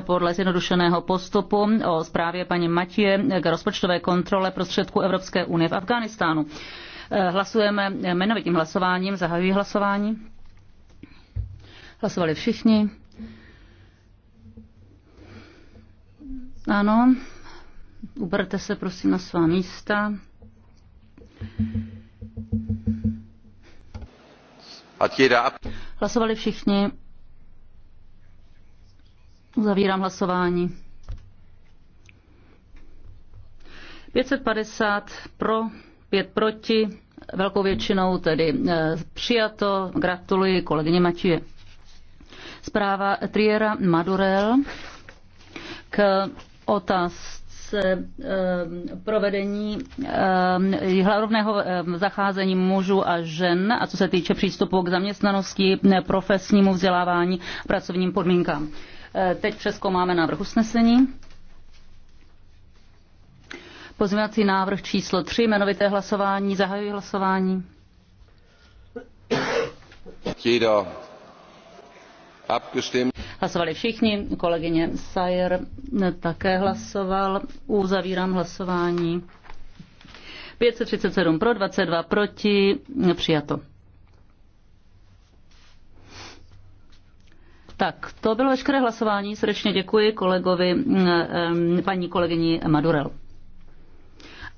podle zjednodušeného postupu o zprávě paní Matě k rozpočtové kontrole prostředků Evropské unie v Afghánistánu. Eh, hlasujeme jmenovitým hlasováním, zahajují hlasování. Hlasovali všichni. Ano, uberte se prosím na svá místa. Hlasovali všichni. Uzavírám hlasování. 550 pro, 5 proti, velkou většinou tedy eh, přijato. Gratuluji kolegyně Matěje. Zpráva Triera Madurel k otázce eh, provedení rovného eh, zacházení mužů a žen a co se týče přístupu k zaměstnanosti, profesnímu vzdělávání, pracovním podmínkám. Eh, teď přeskoumáme návrh usnesení. Pozměňovací návrh číslo 3, jmenovité hlasování, zahajuji hlasování. Jeder Hlasovali všichni, kolegyně Sayer také hlasoval. Uzavírám hlasování. 537 pro, 22 proti, přijato. Tak, to bylo veškeré hlasování. Srdečně děkuji kolegovi, mm, paní kolegyni Madurel.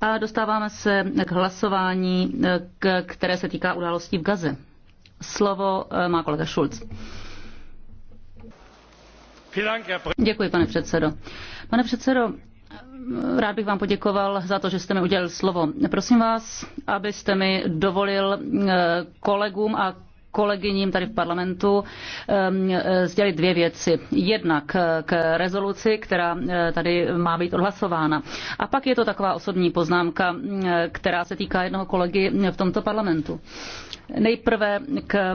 A dostáváme se k hlasování, které se týká událostí v Gaze. Slovo eh, má kolega Schulz. Děkuji, pane předsedo. Pane předsedo, rád bych vám poděkoval za to, že jste mi udělal slovo. Prosím vás, abyste mi dovolil eh, kolegům a kolegyním tady v parlamentu ehm, e, sdělit dvě věci. Jednak e, k rezoluci, která e, tady má být odhlasována. A pak je to taková osobní poznámka, která se týká jednoho kolegy v tomto parlamentu. Nejprve k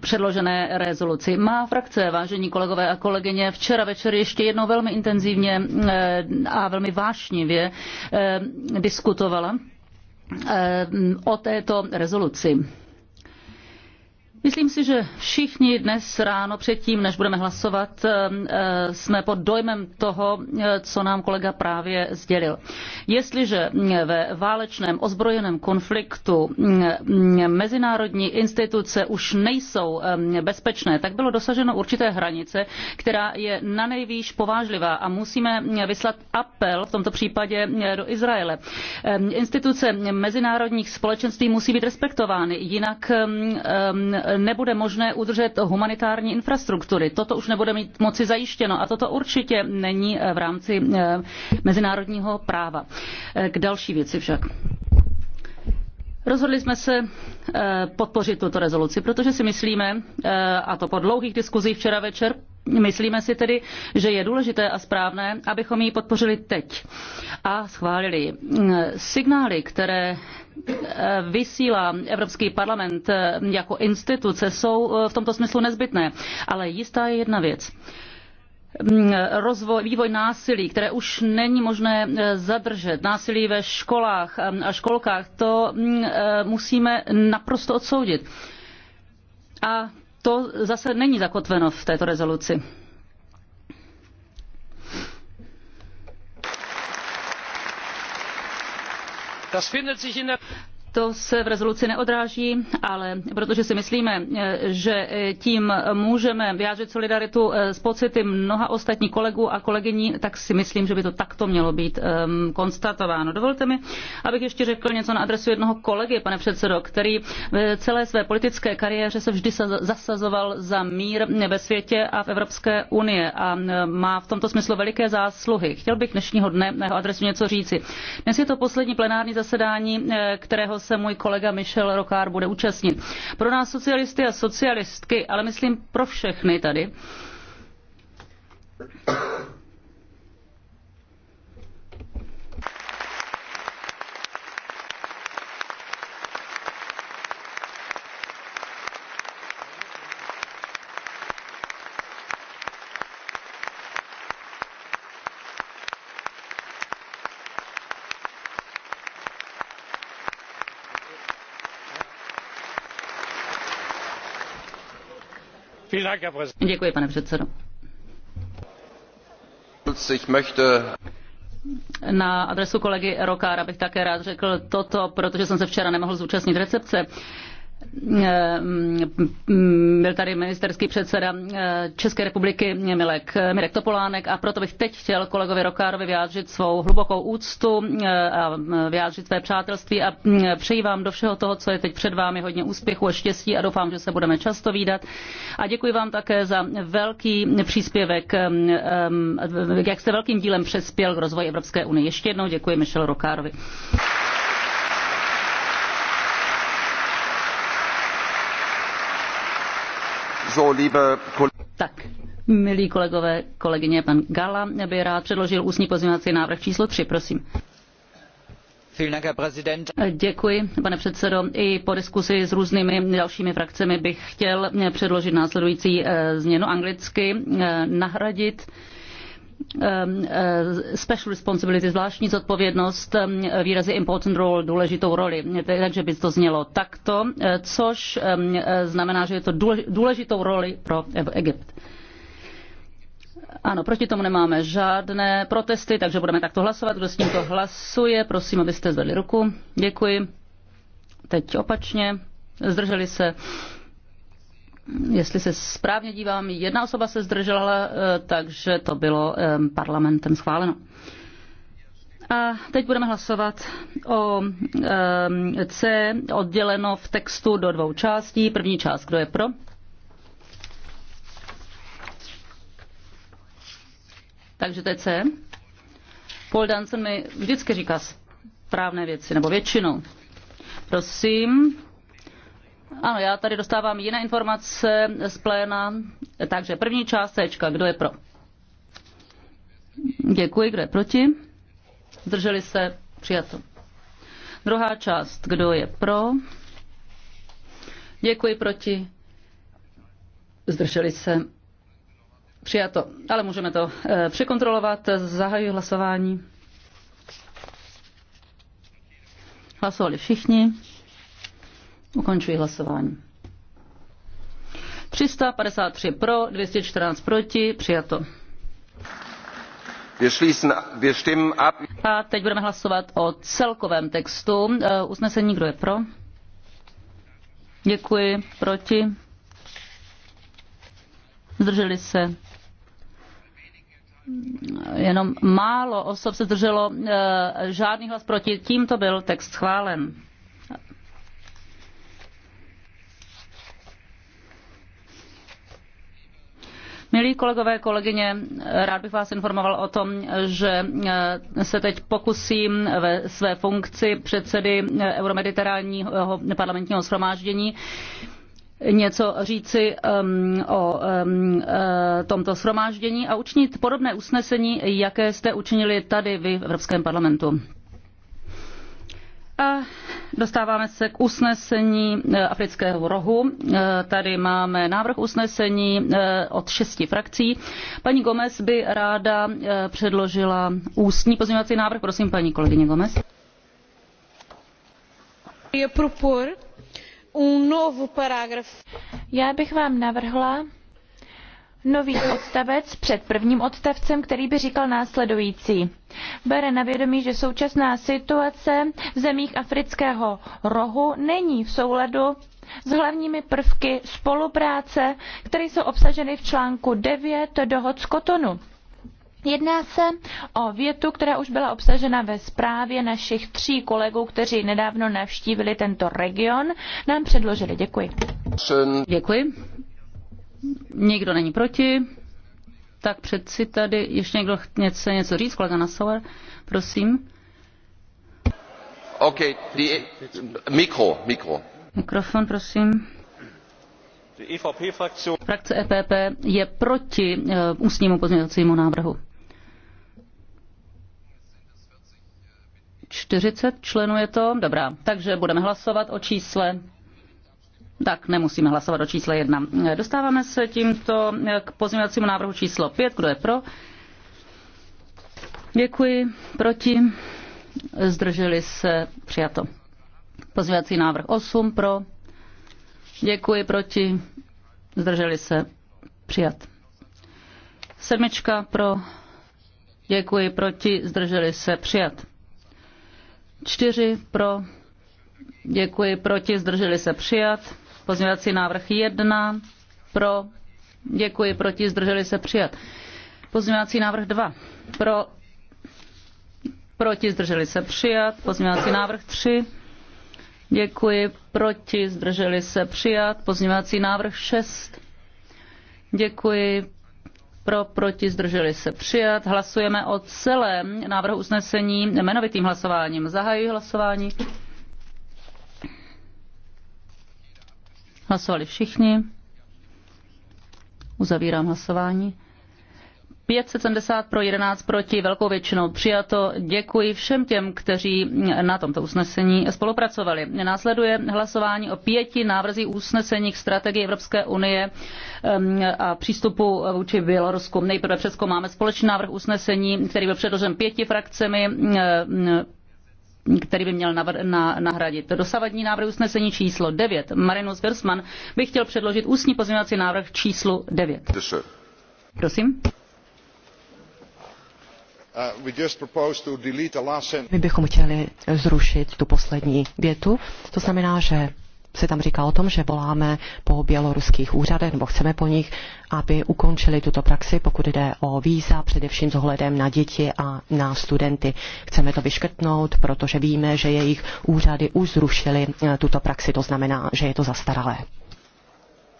předložené rezoluci. Má frakce, vážení kolegové a kolegyně, včera večer ještě jednou velmi intenzivně a velmi vášnivě diskutovala o této rezoluci Myslím si, že všichni dnes ráno předtím, než budeme hlasovat, eh, eh, jsme pod dojmem toho, eh, co nám kolega právě sdělil. Jestliže ve válečném ozbrojeném konfliktu mm, mm, mezinárodní instituce už nejsou bezpečné, tak bylo dosaženo určité hranice, která je na nejvýš povážlivá a musíme vyslat apel v tomto případě do Izraele. Instituce mezinárodních společenství musí být respektovány, jinak nebude možné udržet humanitární infrastruktury. Toto už nebude mít moci zajištěno a toto určitě není eh, v rámci eh, mezinárodního práva. Eh, k další věci však. Rozhodli jsme se podpořit tuto rezoluci, protože si myslíme, a to po dlouhých diskuzích včera večer, Myslíme si tedy, že je důležité a správné, abychom ji podpořili teď a schválili. Signály, které eh, vysílá Evropský parlament eh, jako instituce, jsou eh, v tomto smyslu nezbytné. Ale jistá je jedna věc mm, rozvoj, vývoj násilí, které už není možné zadržet, násilí ve školách a školkách, to mm, musíme naprosto odsoudit. A to zase není zakotveno v této rezoluci. To se v rezoluci neodráží, ale protože si myslíme, eh, že eh, tím můžeme vyjádřit solidaritu eh, s pocity mnoha ostatních kolegů a kolegyní, tak si myslím, že by to takto mělo být ehm, konstatováno. Dovolte mi, abych ještě řekl něco na adresu jednoho kolegy, pane předsedo, který v celé své politické kariéře se vždy zasazoval za mír ve světě a v Evropské unii a ehm, má v tomto smyslu veliké zásluhy. Chtěl bych dnešního dne na jeho adresu něco říci. Dnes je to poslední plenární zasedání, kterého se můj kolega Michel Rocard bude účastnit. Pro nás socialisty a socialistky, ale myslím pro všechny tady, Děkuji, pane předsedající Na adresu kolegy Rokára bych také rád řekl toto, protože jsem se včera nemohl zúčastnit recepce Eh, mm, byl tady ministerský předseda eh, České republiky Milek, Mirek Topolánek a proto bych teď chtěl kolegovi Rokárovi vyjádřit svou hlubokou úctu eh, a mm, vyjádřit své přátelství a mm, přeji vám do všeho toho, co je teď před vámi, hodně úspěchu a štěstí a doufám, že se budeme často výdat. A děkuji vám také za velký příspěvek, jak jste velkým dílem přespěl k rozvoji Evropské unie. Ještě jednou děkuji Michelu Rokárovi. Tak, milí kolegové, kolegyně, pan Gala by rád předložil ústní pozměňovací návrh číslo 3, prosím. Děkuji, pane předsedo. I po diskusi s různými dalšími frakcemi bych chtěl předložit následující eh, změnu anglicky, eh, nahradit Ehm, eh, special responsibility, zvláštní zodpovědnost, ehm, výrazy important role, důležitou roli. Takže by to znělo takto, eh, což ehm, eh, znamená, že je to důležitou roli pro Egypt. Ano, proti tomu nemáme žádné protesty, takže budeme takto hlasovat. Kdo s tímto hlasuje, prosím, abyste zvedli ruku. Děkuji. Teď opačně. Zdrželi se jestli se správně dívám, jedna osoba se zdržela, eh, takže to bylo eh, parlamentem schváleno. A teď budeme hlasovat o eh, C odděleno v textu do dvou částí. První část, kdo je pro? Takže to je C. Paul Danson mi vždycky říká správné věci, nebo většinou. Prosím, ano, já tady dostávám jiné informace z pléna. Takže první část Cčka. Kdo je pro? Děkuji. Kdo je proti? Zdrželi se? Přijato. Druhá část. Kdo je pro? Děkuji. Proti? Zdrželi se? Přijato. Ale můžeme to eh, překontrolovat. Zahajuji hlasování. Hlasovali všichni. Ukončuji hlasování. 353 pro, 214 proti, přijato. A teď budeme hlasovat o celkovém textu. E, usnesení, kdo je pro? Děkuji. Proti? Zdrželi se? Jenom málo osob se zdrželo, e, žádný hlas proti. Tímto byl text schválen. Milí kolegové, kolegyně, rád bych vás informoval o tom, že eh, se teď pokusím ve své funkci předsedy eh, Euromediteránního parlamentního shromáždění něco říci um, o um, tomto shromáždění a učinit podobné usnesení, jaké jste učinili tady vy v Evropském parlamentu. A dostáváme se k usnesení eh, Afrického rohu. Eh, tady máme návrh usnesení eh, od šesti frakcí. Paní Gomez by ráda předložila ústní pozměňovací návrh. Prosím, paní kolegyně Gomez. Um Já bych vám navrhla nový odstavec před prvním odstavcem, který by říkal následující. Bere na vědomí, že současná situace v zemích afrického rohu není v souladu s hlavními prvky spolupráce, které jsou obsaženy v článku 9 dohod z Kotonu. Jedná se o větu, která už byla obsažena ve zprávě našich tří kolegů, kteří nedávno navštívili tento region, nám předložili. Děkuji. Děkuji. Nikdo není proti. Tak přeci tady ještě někdo chce něco říct, kolega Nassauer, prosím. OK, die, mikro, mikro. Mikrofon, prosím. E Frakce EPP je proti eh, ústnímu pozměňovacímu návrhu. 40 členů je to? Dobrá, takže budeme hlasovat o čísle tak nemusíme hlasovat o čísle 1. Dostáváme se tímto k pozměňovacímu návrhu číslo 5. Kdo je pro? Děkuji. Proti? Zdrželi se? Přijato. Pozměňovací návrh 8 pro. Děkuji. Proti? Zdrželi se? Přijat. Sedmička pro. Děkuji. Proti? Zdrželi se? Přijat. Čtyři pro. Děkuji. Proti? Zdrželi se? Přijat. Pozměňovací návrh 1 pro, děkuji, proti, zdrželi se přijat. Pozměňovací návrh 2 pro, proti, zdrželi se přijat. Pozměňovací návrh 3 Děkuji. Proti zdrželi se přijat. Pozměňovací návrh 6. Děkuji. Pro, proti, zdrželi se přijat. Hlasujeme o celém návrhu usnesení jmenovitým hlasováním. Zahajuji hlasování. Hlasovali všichni. Uzavírám hlasování. 570 pro 11 proti, velkou většinou přijato. Děkuji všem těm, kteří na tomto usnesení spolupracovali. Následuje hlasování o pěti návrzích usnesení k strategii Evropské unie a přístupu vůči Bělorusku. Nejprve přeskoumáme společný návrh usnesení, který byl předložen pěti frakcemi který by měl na, nahradit. Dosavadní návrh usnesení číslo 9. Marinus Versman by chtěl předložit ústní pozměňovací návrh číslo 9. Prosím. Uh, My bychom chtěli zrušit tu poslední větu. To znamená, že se tam říká o tom, že voláme po běloruských úřadech, nebo chceme po nich, aby ukončili tuto praxi, pokud jde o víza, především s ohledem na děti a na studenty. Chceme to vyškrtnout, protože víme, že jejich úřady už zrušily eh, tuto praxi, to znamená, že je to zastaralé.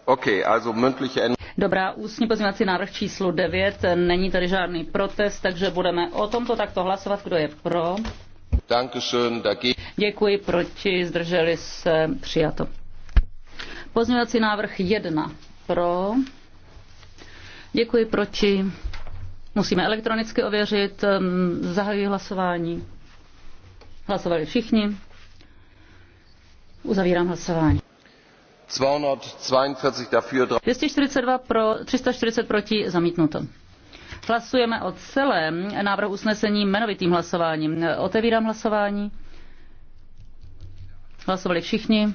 Okay, also mündliche Dobrá, ústní pozměňovací návrh číslo 9, není tady žádný protest, takže budeme o tomto takto hlasovat, kdo je pro. Děkuji proti, zdrželi se, přijato. Pozměňovací návrh 1 pro. Děkuji proti. Musíme elektronicky ověřit. Ehm, zahajuji hlasování. Hlasovali všichni. Uzavírám hlasování. 242 dafür, 340 pro, 340 proti, zamítnuto. Hlasujeme o celém návrhu usnesení jmenovitým hlasováním. Otevírám hlasování. Hlasovali všichni.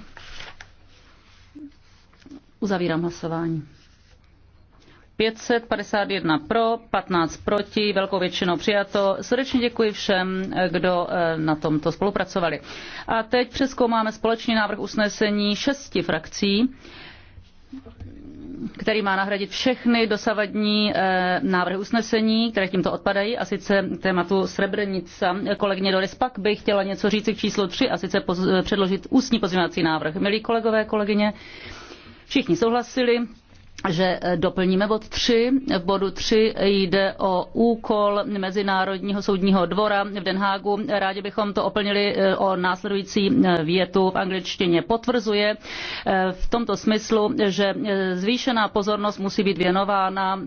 Uzavírám hlasování. 551 pro, 15 proti, velkou většinou přijato. Srdečně děkuji všem, kdo eh, na tomto spolupracovali. A teď přeskoumáme společný návrh usnesení šesti frakcí který má nahradit všechny dosavadní eh, návrhy usnesení, které tímto odpadají, a sice tématu Srebrenica. Kolegyně Doris pak bych chtěla něco říct k číslu 3, a sice poz, předložit ústní pozměňovací návrh. Milí kolegové, kolegyně, všichni souhlasili, že e, doplníme bod 3. V bodu 3 jde o úkol Mezinárodního soudního dvora v Den Hágu. Rádi bychom to oplnili e, o následující e, větu v angličtině. Potvrzuje v tomto smyslu, že zvýšená pozornost musí být věnována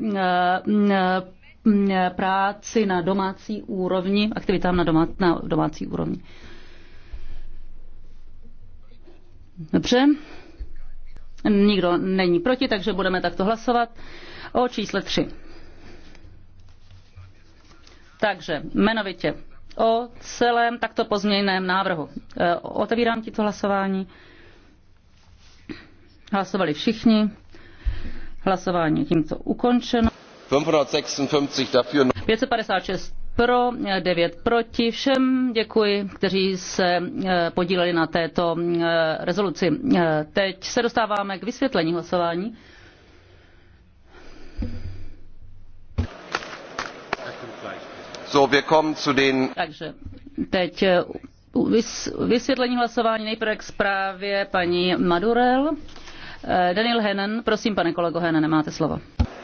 práci na domácí úrovni, aktivitám na, domá, na domácí úrovni. Dobře. Nikdo není proti, takže budeme takto hlasovat o čísle 3. Takže jmenovitě o celém takto pozměněném návrhu. E, otevírám ti to hlasování. Hlasovali všichni. Hlasování tímto ukončeno. 556 dafür. 556 pro, 9 proti. Všem děkuji, kteří se eh, podíleli na této eh, rezoluci. Eh, teď se dostáváme k vysvětlení hlasování. So, wir kommen zu den... Takže teď vysvětlení hlasování nejprve k zprávě paní Madurel. Daniel Hennen, prosím, pane kolego Henen, máte slovo.